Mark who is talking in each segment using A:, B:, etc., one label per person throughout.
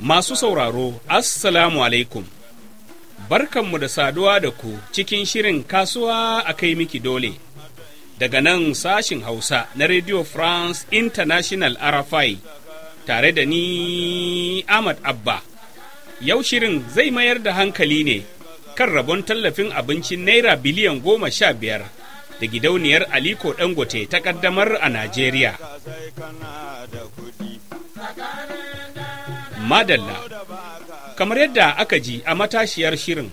A: Masu sauraro, Assalamu alaikum. Barkanmu da saduwa da ku cikin shirin kasuwa a kai miki dole. Daga nan sashin Hausa na Radio France International RFI tare da ni Ahmad Abba. Yau shirin zai mayar da hankali ne kan rabon tallafin abincin naira biliyan goma sha biyar da gidauniyar aliko dangote ta kaddamar a najeriya madalla kamar yadda aka ji a matashiyar shirin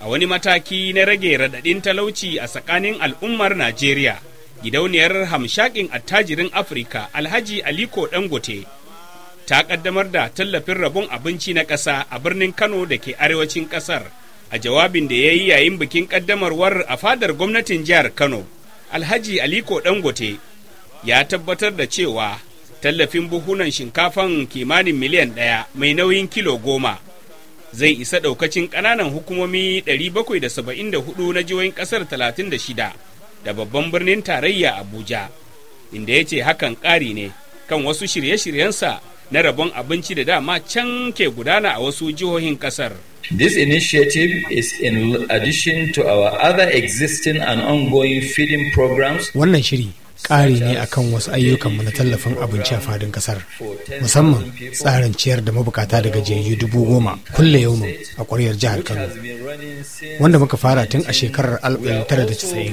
A: a wani mataki na rage radadin talauci a tsakanin al'ummar najeriya gidauniyar hamshakin attajirin afirka alhaji aliko dangote ta kaddamar da tallafin rabon abinci na ƙasa a birnin kano da ke arewacin ƙasar a jawabin da ya yi yayin bikin ƙaddamarwar a fadar gwamnatin jihar Kano, Alhaji Aliko Dangote ya tabbatar da cewa tallafin buhunan shinkafan kimanin miliyan ɗaya mai nauyin kilo goma zai isa ɗaukacin ƙananan hukumomi 774 na jihohin ƙasar 36 da babban birnin tarayya Abuja, inda ya ce hakan ƙari ne kan wasu shirye-shiryensa na rabon abinci da dama can ke gudana a wasu jihohin kasar. This initiative is in addition to our other existing and ongoing feeding programs. Wannan shiri ƙari ne akan wasu ayyukan na tallafin abinci a fadin kasar musamman tsarin ciyar da mabukata daga gajiyayyu dubu goma kulle yau a ƙwaryar jihar kano wanda muka fara tun a shekarar 1990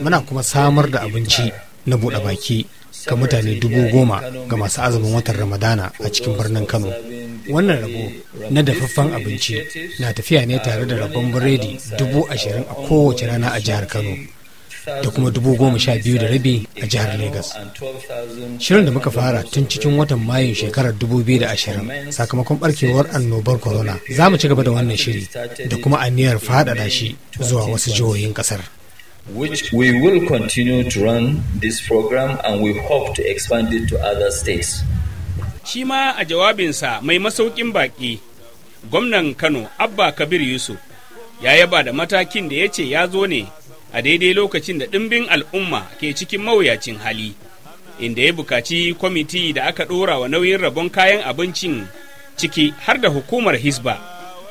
A: muna kuma samar da abinci na buɗe baki ga mutane dubu goma ga masu azumin watan ramadana a cikin birnin kano wannan rabo na dafaffen abinci na tafiya ne tare da rabon biredi dubu ashirin a kowace rana a jihar kano da kuma dubu goma sha biyu da rabi a jihar Legas. Shirin da muka fara tun cikin watan Mayun shekarar dubu biyu da ashirin sakamakon barkewar annobar corona za mu ci gaba da wannan shiri da kuma aniyar faɗaɗa shi zuwa wasu jihohin ƙasar. which we will continue to run this program and we hope to expand it to other states. Shi ma a jawabinsa mai masaukin baki, gwamnan Kano Abba Kabir Yusuf ya yaba da matakin da ya ce ya zo ne a daidai lokacin da ɗimbin al'umma ke cikin mawuyacin hali, inda ya bukaci kwamiti da aka ɗora wa nauyin rabon kayan abincin ciki har da hukumar Hisba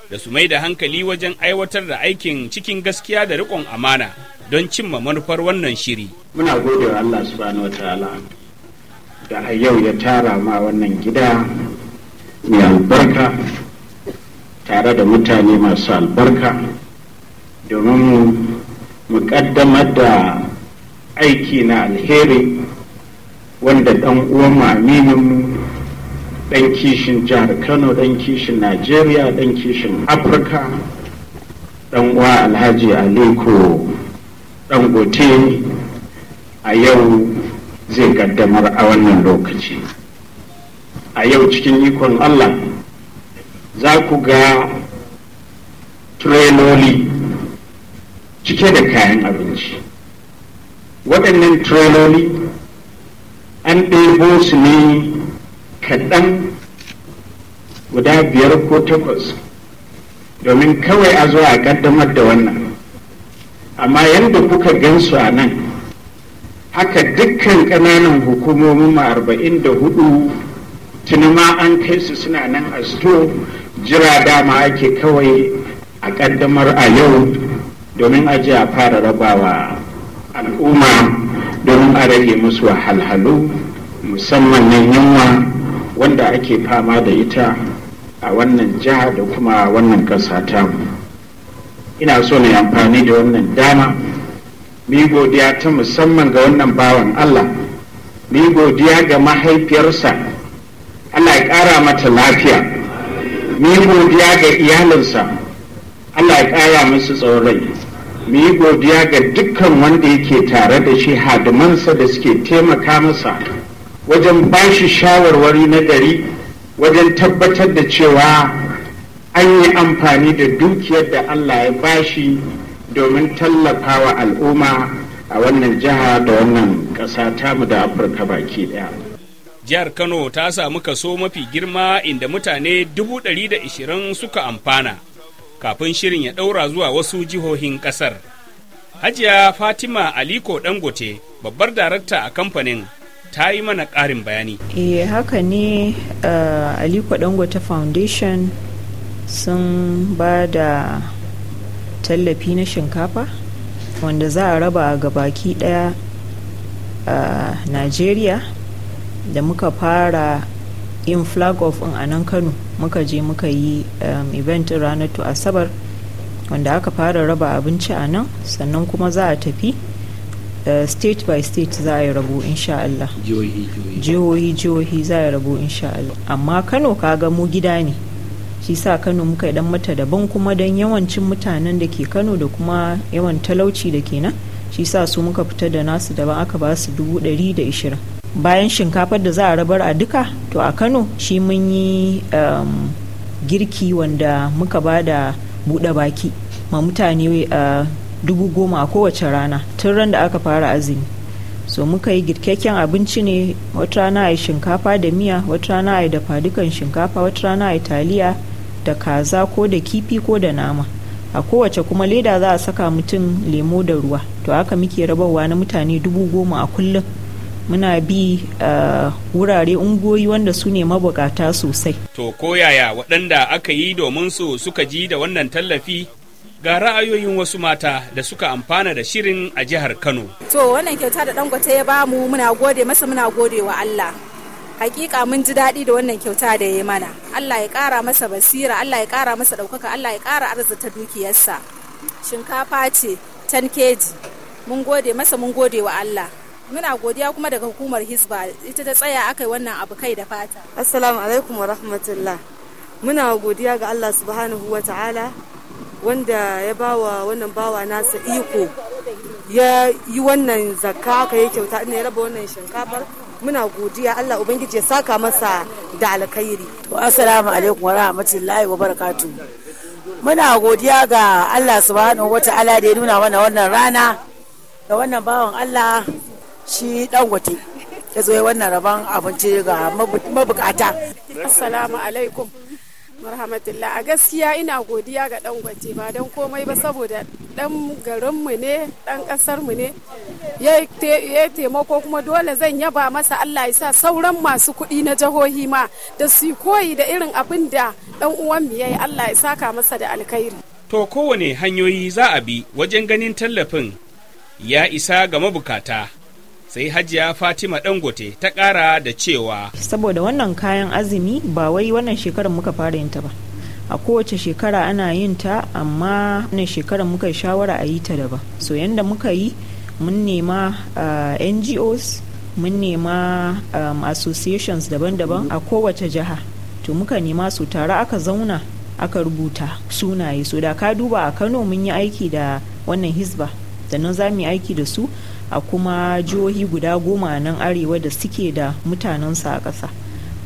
A: da su mai da hankali wajen aiwatar da aikin cikin gaskiya da riƙon amana. don cimma manufar wannan shiri.
B: Muna gode wa Allah subhanahu wataala da a yau ya tara ma wannan gida mai albarka tare da mutane masu albarka domin mu kaddamar da aiki na alheri wanda ɗan uwan aminin ɗan kishin jihar kano ɗan kishin najeriya ɗan kishin afirka ɗan uwa alhaji aliko dangote a yau zai kaddamar a wannan lokaci a yau cikin ikon allah za ku ga treloli cike da kayan abinci waɗannan treloli an ɗebo su ne kaɗan guda biyar ko takwas domin kawai a zo a ƙaddamar da wannan amma yadda kuka gansu a nan haka dukkan ƙananan ma arba'in da hudu tuni ma an kai su suna nan a sto jira dama ake kawai a ƙaddamar a yau domin aji a fara rabawa al'umma domin a rage musu halhalu musamman na yunwa wanda ake fama da ita a wannan jiha da kuma wannan ƙasa tamu. ina so na amfani da wannan dama mi godiya ta musamman ga wannan bawan Allah mi godiya ga mahaifiyarsa Allah ya ƙara mata lafiya mi godiya ga iyalinsa Allah ya ƙara musu tsoron mi godiya ga dukkan wanda yake tare da shi hadimansa da suke taimaka masa wajen bashi shawarwari na gari wajen tabbatar da cewa an yi amfani da dukiyar da Allah ya bashi domin tallafawa al'umma a wannan jiha da wannan ƙasa tamu da afirka baki ɗaya.
A: jihar kano ta samu kaso mafi girma inda mutane dubu ɗari da ishirin suka amfana kafin shirin ya ɗaura zuwa wasu jihohin ƙasar hajiya fatima aliko dangote babbar darakta a kamfanin ta yi mana ƙarin bayani
C: eh haka ne uh, aliko dangote foundation sun ba da tallafi na shinkafa wanda za a raba ga baki daya a nigeria da muka fara in flag of in a nan kano muka je muka yi um, event ranar to asabar wanda aka fara raba abinci a nan sannan kuma za a tafi uh, state by state za a yi rabo insha Allah jihohi jihohi za a yi rabo insha Allah amma kano kaga mu gida ne shi sa kano muka yi dan mata daban kuma don yawancin mutanen da ke kano da kuma yawan talauci da ke nan shi sa su muka fita da nasu daban aka ba su dubu ɗari da ishirin bayan shinkafar da za a rabar a duka to a kano shi mun yi um, girki wanda muka ba da buɗe baki ma mutane a uh, dubu goma a kowace rana tun ran da aka fara azumi so muka yi girkakken abinci ne wata rana a yi shinkafa da miya wata rana a yi dafa dukan shinkafa wata rana a yi taliya da kaza ko da kifi ko da nama a kowace kuma leda za a saka mutum lemo da ruwa to haka muke rabarwa na mutane dubu goma a kullum muna bi uh, wurare ungoyi wanda su ne mabukata sosai to
A: yaya waɗanda aka yi domin su suka ji da wannan tallafi ga ra'ayoyin wasu mata da suka amfana da shirin a jihar kano
C: to wannan kyauta da dangote ya bamu muna gode masa muna gode wa allah hakika mun ji daɗi da wannan kyauta da ya yi mana Allah ya ƙara masa basira Allah ya ƙara masa ɗaukaka Allah ya ƙara arzita dukiyarsa shinkafa ce 10 kg mun gode masa mun gode wa Allah muna godiya kuma daga hukumar hisba ita ta tsaya aka yi wannan abu kai da fata assalamu alaikum wa rahmatullah muna godiya ga Allah subhanahu wa ta'ala wanda ya bawa wannan bawa nasa iko ya yi wannan zakka ka yi kyauta ya raba wannan shinkafar muna godiya Allah ubangiji ya saka masa da alkhairi to assalamu alaikum wa rahmatullahi wa barakatu. muna godiya ga Allah subhanahu wa Ta'ala da ya nuna mana wannan rana da wannan bawan Allah shi dangote ya zo wannan rabon abinci ga mabukata assalamu alaikum marhamatullah a gaskiya ina godiya ga gwate ba don komai ba saboda dan garinmu ne dan mu ne ya taimako kuma dole zan yaba masa Allah ya sa sauran masu kuɗi na jihohi ma da su koyi da irin abin da dan uwanmu ya yi Allah ya saka masa da alkhairi.
A: To kowane hanyoyi za a bi wajen ganin tallafin ya isa ga mabukata. sai hajiya fatima dangote ta kara da cewa
C: saboda wannan kayan azumi ba wai wannan shekarar muka fara yin ta ba a kowace shekara ana yin ta amma wannan shekarar muka yi shawara a yi ta daban so yadda muka yi mun nema uh, eh, ngos mun nema um, associations daban-daban a kowace jiha to muka nema su tare aka zauna aka rubuta sunaye so da ka duba a kano mun yi aiki da wannan hisba sannan za mu yi aiki da su a kuma jihohi guda goma nan arewa da suke da mutanensa a ƙasa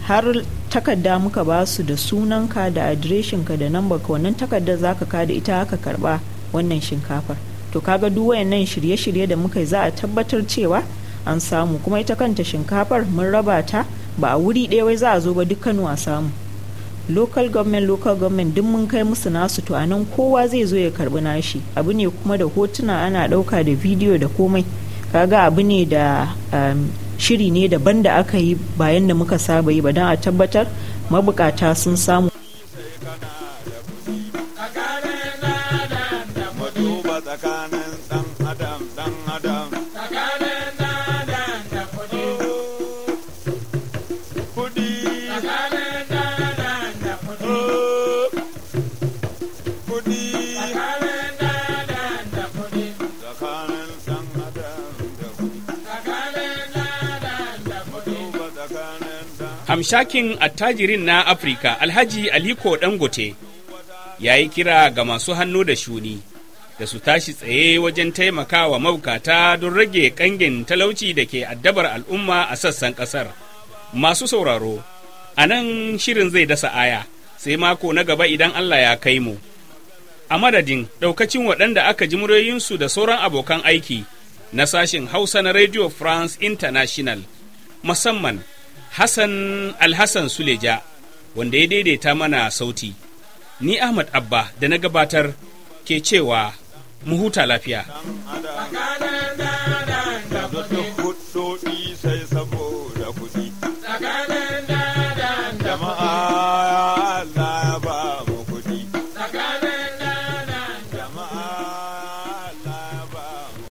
C: har takarda muka ba su da sunanka da adireshinka da nan baka wannan takarda za ka kada ita haka karba wannan shinkafar to kaga duk wayannan shirye-shirye da muka yi za a tabbatar cewa an samu kuma ita kanta shinkafar mun raba ta ba a wuri ɗaya wai za a zo ba duk kano a samu local government local government duk mun kai musu nasu to anan kowa zai zo ya karbi nashi abu ne kuma da hotuna ana ɗauka da bidiyo da komai kaga abu ne da um, shiri ne daban da aka yi bayan da muka saba yi ba don a tabbatar mabukata sun samu
A: hamshakin attajirin na afrika alhaji aliko dangote ya yi kira ga masu hannu da shuni da su tashi tsaye wajen taimakawa mabukata don rage kangin talauci da ke addabar al'umma a sassan ƙasar masu sauraro a nan shirin zai dasa aya sai mako na gaba idan allah ya kai mu a madadin ɗaukacin waɗanda aka ji muryoyinsu da sauran abokan aiki na sashen hausa na radio france international musamman Hassan Alhassan Suleja wanda ya daidaita mana sauti. Ni Ahmad Abba da na gabatar ke cewa mu huta lafiya.